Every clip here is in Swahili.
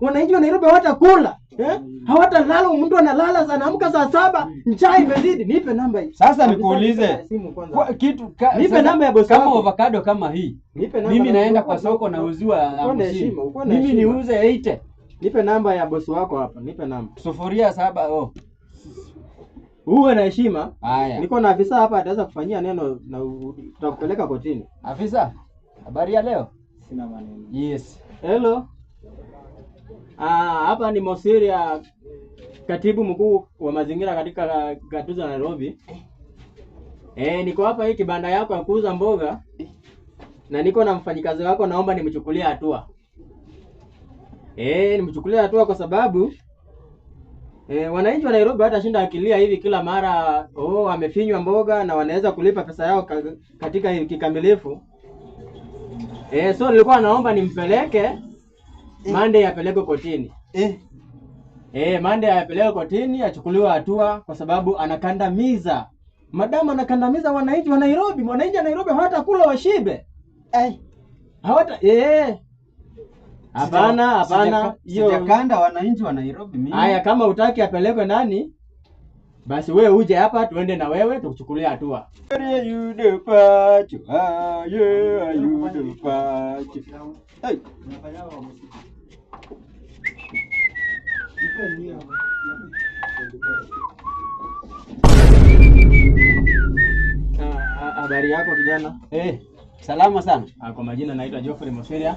wananchi wa Nairobi hawatakula eh? Mm. Hawatalala, mtu analala anaamka saa saba, mm. njaa imezidi. Nipe namba hii sasa, nikuulize kitu ka, nipe namba ya bosi kama avocado kama hii nipe namba. Mimi naenda kwa soko na uziwa mimi niuze eite. Nipe namba ya bosi wako hapa, nipe namba sufuria saba oh. Uwe na heshima. Haya, niko na afisa hapa ataweza kufanyia neno na tutakupeleka kotini. Afisa, habari ya leo? Sina maneno. Yes. Hello. Ah, hapa ni Mosiria, katibu mkuu wa mazingira katika gatuzi la Nairobi. E, niko hapa hii kibanda yako ya kuuza mboga na niko na mfanyikazi wako, naomba nimchukulie hatua. E, nimchukulie hatua kwa sababu e, wananchi wa Nairobi watashinda akilia hivi kila mara oh, wamefinywa mboga na wanaweza kulipa pesa yao katika kikamilifu. E, so nilikuwa naomba nimpeleke eh, Monday apelekwe kotini eh. Eh, Monday apelekwe kotini achukuliwe hatua kwa sababu anakandamiza madamu anakandamiza wananchi wa Nairobi. Wananchi wa Nairobi hawatakula washibe eh. Hawata eh. Hapana, hapana, Sijakanda wananchi wa Nairobi mimi. Haya, kama utaki apelekwe nani? Basi wewe uje hapa tuende na wewe tukuchukulia hatua. Ah, ah, habari yako kijana? Eh. Salama sana. Ah, kwa majina naitwa Geoffrey Mosiria,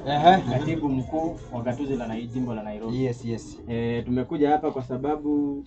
katibu mkuu wa gatuzi la jimbo la Nairobi. Yes, yes. E, tumekuja hapa kwa sababu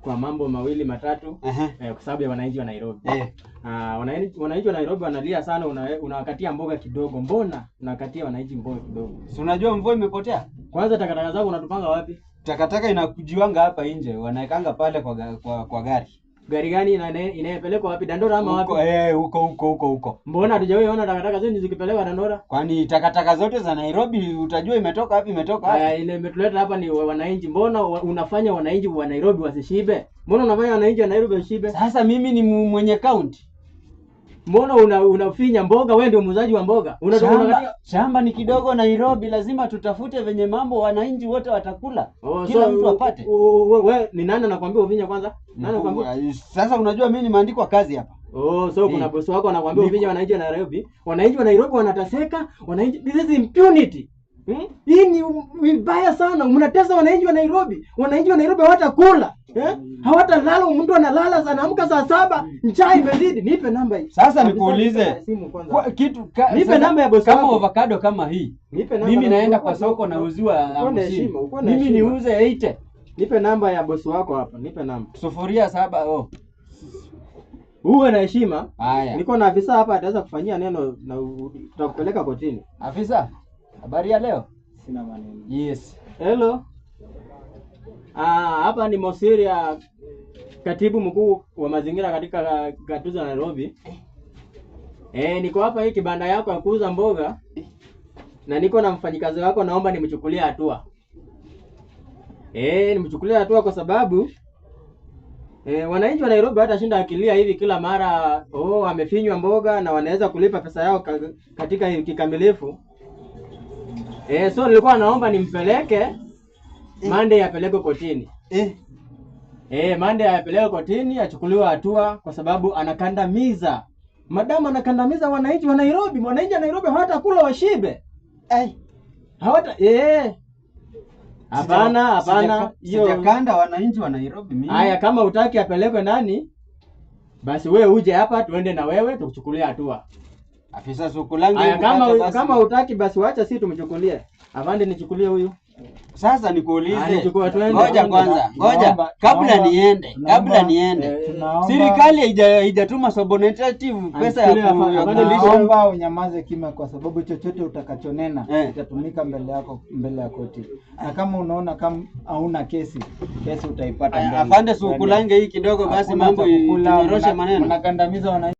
kwa mambo mawili matatu e, kwa sababu ya wananchi wa Nairobi. Eh. Ah, wananchi wa Nairobi wanalia sana, unawakatia una mboga kidogo. Mbona unawakatia wananchi mboga kidogo? Si unajua mvua imepotea? Kwanza takataka zako unatupanga wapi? Takataka inakujiwanga hapa nje, wanaekanga pale kwa, kwa, kwa gari Gari gani inayepelekwa wapi? Dandora ama wapi? Eh, huko huko huko huko. Mbona hatujawahi ona takataka zetu zikipelekwa Dandora? Kwani takataka zote za Nairobi utajua imetoka wapi? Imetoka wapi? Haya, eh, ile imetuleta hapa ni wananchi. Mbona unafanya wananchi wa Nairobi wasishibe? Mbona unafanya wananchi wa Nairobi wasishibe? Sasa mimi ni mwenye kaunti Mbona una, unafinya mboga? Wewe ndio muuzaji wa mboga. Shamba, shamba ni kidogo Nairobi, lazima tutafute venye mambo wananchi wote watakula. Oh, kila so, mtu apate. Wewe ni nani anakuambia uvinya kwanza? Nani anakuambia? Sasa unajua mimi nimeandikwa kazi hapa. Oh, so hey. Eh. Kuna bosi wako anakuambia uvinya wananchi wa Nairobi. Wananchi wa Nairobi wanataseka, wananchi this is impunity. Hmm? Hii ni vibaya sana. Mnatesa wananchi wa Nairobi. Wananchi wa Nairobi hawatakula. Eh? Hawatalala, mtu analala sana amka saa saba, njaa imezidi. Nipe namba hii. Sasa nikuulize. Kitu ka, nipe sasa, namba ya bosi kama avocado kama hii. Nipe namba. Mimi naenda kwa soko nauziwa hamsini. Mimi niuze eite. Nipe namba ya bosi wako hapa. Nipe namba. Sufuria saba oh. Uwe na heshima. Niko na afisa hapa ataweza kufanyia neno na tutakupeleka kotini. Afisa? Habari ya leo? Sina maneno. Yes. Hello. Ah, hapa ni Mosiria, katibu mkuu wa mazingira katika Gatuzi la Nairobi. Eh. eh, niko hapa hii kibanda yako ya kuuza mboga na niko na mfanyikazi wako, naomba nimchukulie hatua. Eh, nimchukulie hatua kwa sababu E, wananchi wa Nairobi watashinda akilia hivi kila mara, oh, amefinywa mboga na wanaweza kulipa pesa yao katika kikamilifu Eh, so nilikuwa naomba nimpeleke eh, Monday apelekwe kotini eh. Eh, Monday apelekwe kotini achukuliwe hatua kwa sababu anakandamiza madamu, anakandamiza wananchi wa Nairobi. Wananchi wa Nairobi hawatakula washibe eh. Hawata eh Hapana, hapana. Hiyo kanda wananchi wa Nairobi mimi. Haya, kama utaki apelekwe nani? Basi wewe uje hapa tuende na wewe tukuchukulia hatua. Afisa Sukulangi. Aya, kama kama hutaki basi wacha sisi tumechukulia. avande nichukulie huyu. Sasa nikuulize. Ah, ngoja kwanza. Ngoja kabla niende, kabla niende. Eh, Serikali haijatuma subordinative pesa ya unyamaze kima kwa sababu chochote utakachonena eh. itatumika mbele yako mbele ya koti. Na kama unaona kama hauna kesi, kesi utaipata Afande Sukulangi hii kidogo basi mambo inyoroshe maneno. Unakandamiza wana